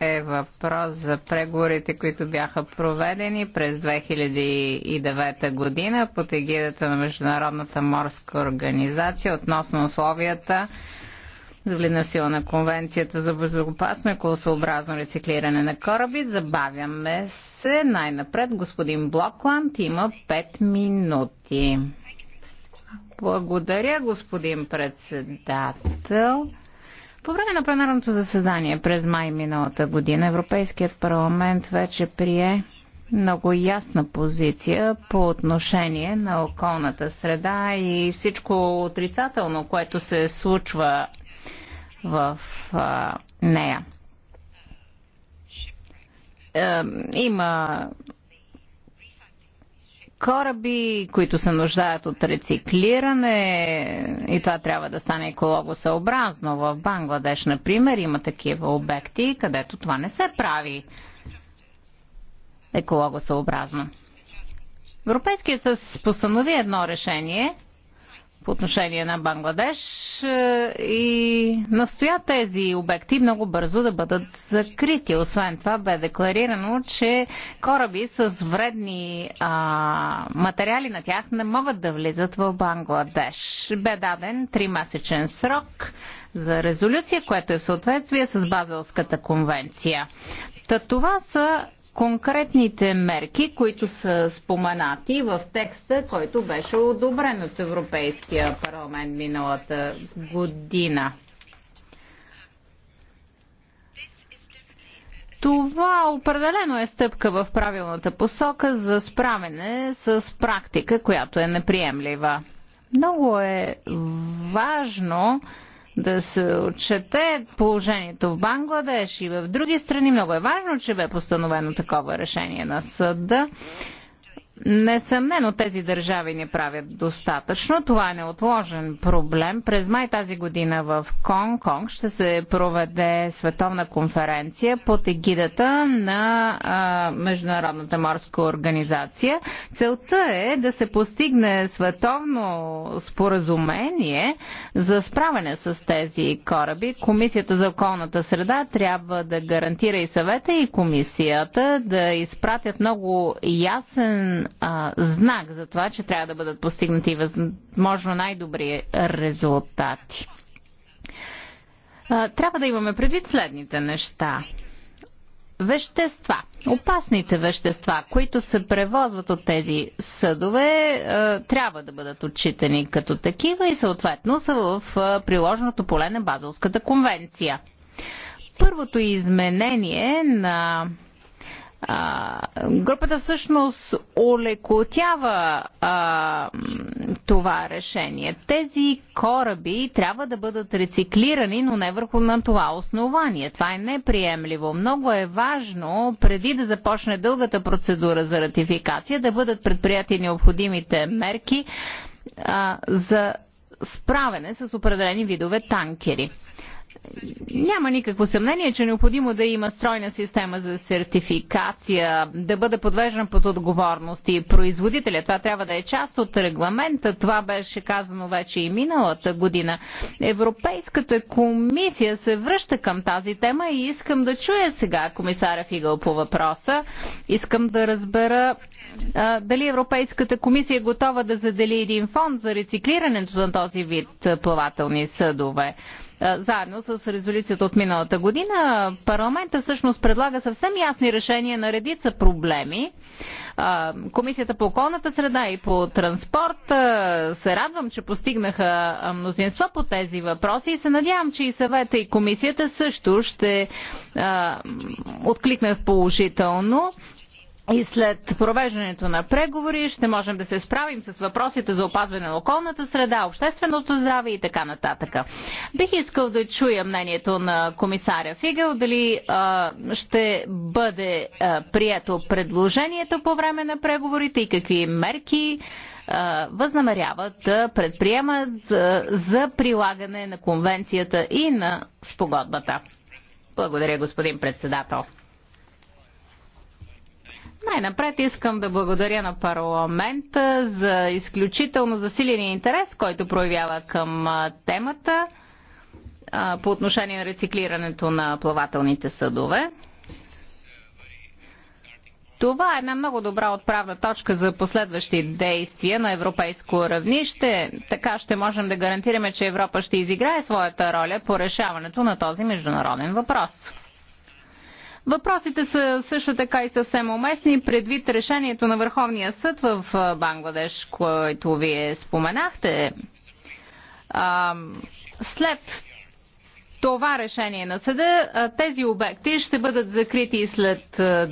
е въпрос за преговорите, които бяха проведени през 2009 година под егидата на Международната морска организация относно условията за влина сила на Конвенцията за безопасно и колосообразно рециклиране на кораби. Забавяме се най-напред. Господин Блокланд има 5 минути. Благодаря, господин председател. По време на пленарното заседание през май миналата година Европейският парламент вече прие много ясна позиция по отношение на околната среда и всичко отрицателно, което се случва в а, нея. Е, има кораби, които се нуждаят от рециклиране и това трябва да стане екологосъобразно. В Бангладеш, например, има такива обекти, където това не се прави екологосъобразно. Европейският съюз постанови едно решение – по отношение на Бангладеш е, и настоя тези обекти много бързо да бъдат закрити. Освен това бе декларирано, че кораби с вредни а, материали на тях не могат да влизат в Бангладеш. Бе даден 3-месечен срок за резолюция, което е в съответствие с Базелската конвенция. Та това са конкретните мерки, които са споменати в текста, който беше одобрен от Европейския парламент миналата година. Това определено е стъпка в правилната посока за справене с практика, която е неприемлива. Много е важно да се отчете положението в Бангладеш и в други страни. Много е важно, че бе постановено такова решение на съда. Несъмнено тези държави не правят достатъчно. Това е неотложен проблем. През май тази година в Конг Конг ще се проведе световна конференция под егидата на а, Международната морска организация. Целта е да се постигне световно споразумение за справяне с тези кораби. Комисията за околната среда трябва да гарантира и съвета и комисията да изпратят много ясен а, знак за това, че трябва да бъдат постигнати възможно най-добри резултати. А, трябва да имаме предвид следните неща. Вещества, опасните вещества, които се превозват от тези съдове, трябва да бъдат отчитани като такива и съответно са в приложеното поле на Базелската конвенция. Първото изменение на групата всъщност олекотява а, това решение. Тези кораби трябва да бъдат рециклирани, но не върху на това основание. Това е неприемливо. Много е важно, преди да започне дългата процедура за ратификация, да бъдат предприяти необходимите мерки а, за справене с определени видове танкери. Няма никакво съмнение, че е необходимо да има стройна система за сертификация, да бъде подвеждан под отговорност и производителя. Това трябва да е част от регламента. Това беше казано вече и миналата година. Европейската комисия се връща към тази тема и искам да чуя сега комисаря Фигъл по въпроса. Искам да разбера а, дали Европейската комисия е готова да задели един фонд за рециклирането на този вид плавателни съдове заедно с резолюцията от миналата година. Парламента всъщност предлага съвсем ясни решения на редица проблеми. Комисията по околната среда и по транспорт се радвам, че постигнаха мнозинство по тези въпроси и се надявам, че и съвета и комисията също ще откликнат положително и след провеждането на преговори ще можем да се справим с въпросите за опазване на околната среда, общественото здраве и така нататък. Бих искал да чуя мнението на комисаря Фигел, дали а, ще бъде а, прието предложението по време на преговорите и какви мерки а, възнамеряват да предприемат а, за прилагане на конвенцията и на спогодбата. Благодаря, господин председател. Най-напред искам да благодаря на парламента за изключително засиления интерес, който проявява към темата по отношение на рециклирането на плавателните съдове. Това е една много добра отправна точка за последващи действия на европейско равнище. Така ще можем да гарантираме, че Европа ще изиграе своята роля по решаването на този международен въпрос. Въпросите са също така и съвсем уместни предвид решението на Върховния съд в Бангладеш, което вие споменахте. А, след това решение на съда, тези обекти ще бъдат закрити след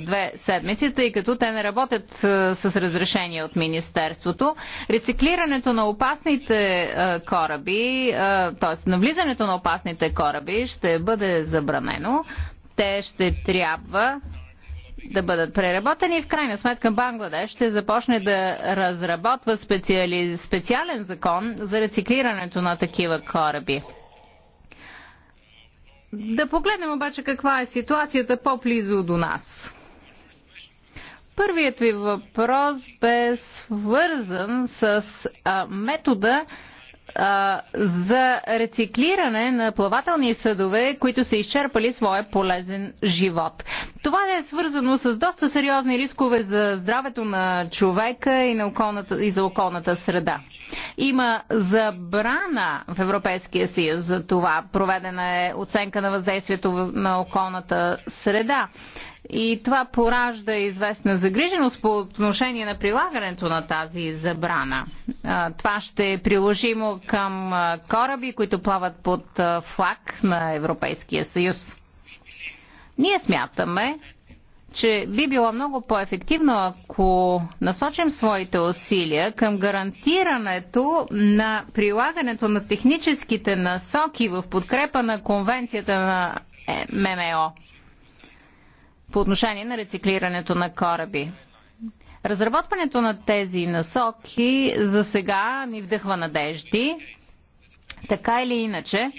две седмици, тъй като те не работят с разрешение от Министерството. Рециклирането на опасните кораби, т.е. навлизането на опасните кораби ще бъде забранено, те ще трябва да бъдат преработени и в крайна сметка Бангладеш ще започне да разработва специали... специален закон за рециклирането на такива кораби. Да погледнем обаче каква е ситуацията по-близо до нас. Първият ви въпрос бе свързан с а, метода а, за рециклиране на плавателни съдове, които са изчерпали своя полезен живот. Това е свързано с доста сериозни рискове за здравето на човека и, на околната, и за околната среда. Има забрана в Европейския съюз за това. Проведена е оценка на въздействието на околната среда. И това поражда известна загриженост по отношение на прилагането на тази забрана. Това ще е приложимо към кораби, които плават под флаг на Европейския съюз. Ние смятаме, че би било много по-ефективно, ако насочим своите усилия към гарантирането на прилагането на техническите насоки в подкрепа на конвенцията на ММО по отношение на рециклирането на кораби. Разработването на тези насоки за сега ни вдъхва надежди. Така или иначе,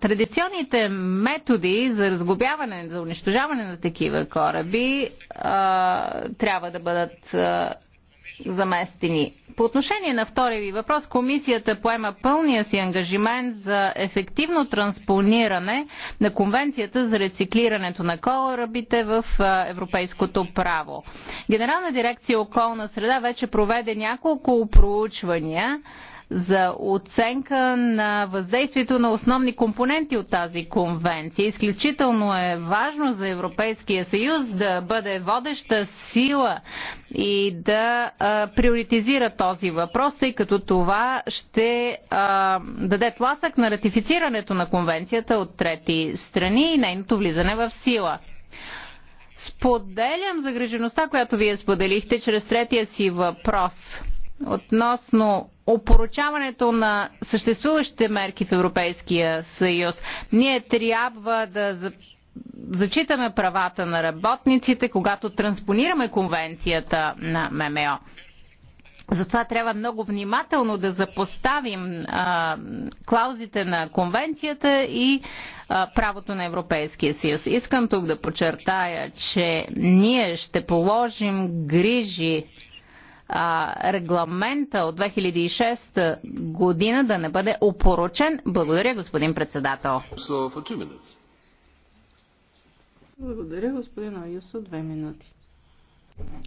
традиционните методи за разглобяване, за унищожаване на такива кораби трябва да бъдат заместени. По отношение на втория ви въпрос, комисията поема пълния си ангажимент за ефективно транспониране на конвенцията за рециклирането на корабите в европейското право. Генерална дирекция околна среда вече проведе няколко проучвания за оценка на въздействието на основни компоненти от тази конвенция. Изключително е важно за Европейския съюз да бъде водеща сила и да а, приоритизира този въпрос, тъй като това ще а, даде тласък на ратифицирането на конвенцията от трети страни и нейното влизане в сила. Споделям загрежеността, която вие споделихте чрез третия си въпрос относно опоручаването на съществуващите мерки в Европейския съюз. Ние трябва да зачитаме правата на работниците, когато транспонираме конвенцията на ММО. Затова трябва много внимателно да запоставим а, клаузите на конвенцията и а, правото на Европейския съюз. Искам тук да подчертая, че ние ще положим грижи а, регламента от 2006 година да не бъде опорочен. Благодаря, господин председател. Благодаря, господин Аюсо. Две минути.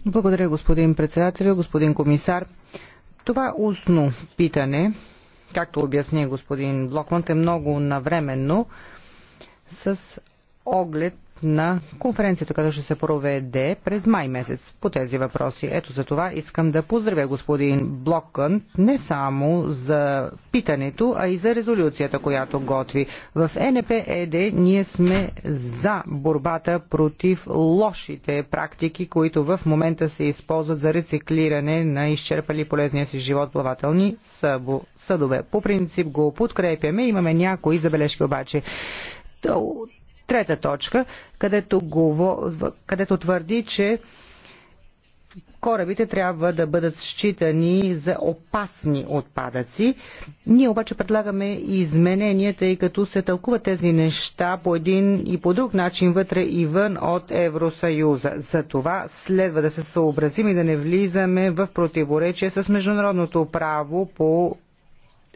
Благодаря, господин председател, господин комисар. Това устно питане, както обясни господин Блокмант, е много навременно с оглед на конференцията, която ще се проведе през май месец по тези въпроси. Ето за това искам да поздравя господин Блокън не само за питането, а и за резолюцията, която готви. В НПЕД ние сме за борбата против лошите практики, които в момента се използват за рециклиране на изчерпали полезния си живот плавателни съдове. По принцип го подкрепяме, имаме някои забележки обаче трета точка, където, го, където твърди, че корабите трябва да бъдат считани за опасни отпадъци. Ние обаче предлагаме изменения, тъй като се тълкуват тези неща по един и по друг начин вътре и вън от Евросъюза. За това следва да се съобразим и да не влизаме в противоречие с международното право по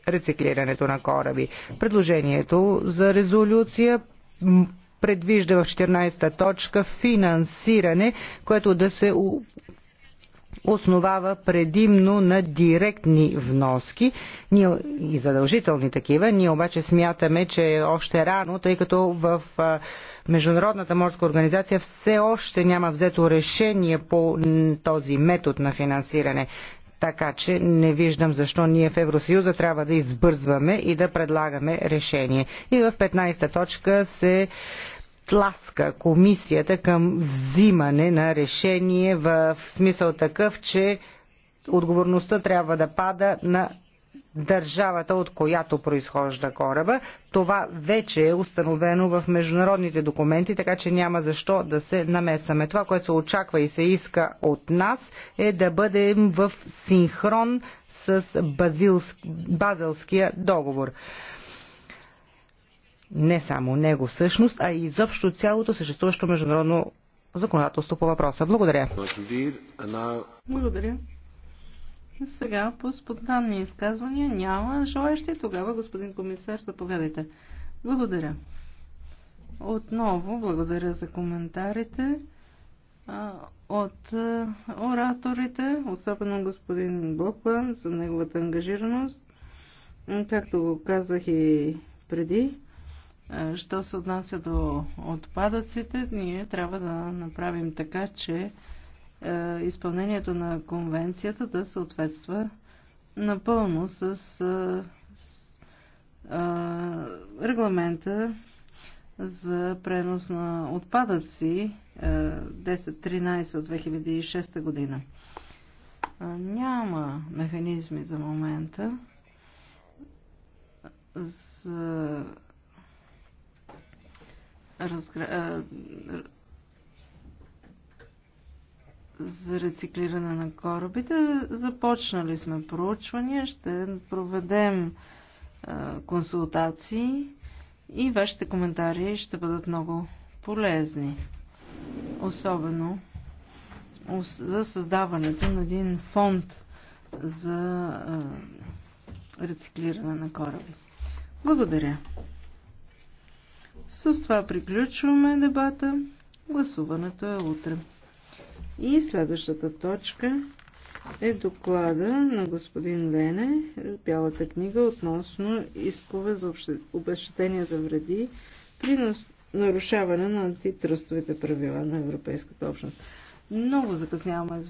рециклирането на кораби. Предложението за резолюция предвижда в 14-та точка финансиране, което да се основава предимно на директни вноски ние, и задължителни такива. Ние обаче смятаме, че е още рано, тъй като в Международната морска организация все още няма взето решение по този метод на финансиране. Така че не виждам защо ние в Евросъюза трябва да избързваме и да предлагаме решение. И в 15-та точка се тласка комисията към взимане на решение в смисъл такъв, че отговорността трябва да пада на държавата, от която произхожда кораба. Това вече е установено в международните документи, така че няма защо да се намесаме. Това, което се очаква и се иска от нас, е да бъдем в синхрон с базилск... договор. Не само него всъщност, а и изобщо цялото съществуващо международно законодателство по въпроса. Благодаря. Благодаря. Сега по спонтанни изказвания няма желаящи. Тогава, господин комисар, заповядайте. Благодаря. Отново благодаря за коментарите от ораторите, особено господин Боклан, за неговата ангажираност. Както го казах и преди, що се отнася до отпадъците, ние трябва да направим така, че е, изпълнението на конвенцията да съответства напълно с е, е, регламента за пренос на отпадъци 13 от 2006 година. Няма механизми за момента за разгра за рециклиране на корабите. Започнали сме проучвания, ще проведем е, консултации и вашите коментари ще бъдат много полезни. Особено за създаването на един фонд за е, рециклиране на кораби. Благодаря. С това приключваме дебата. Гласуването е утре. И следващата точка е доклада на господин Лене, Бялата книга относно искове за обещетения за вреди при нарушаване на антитръстовите правила на Европейската общност. Много закъсняваме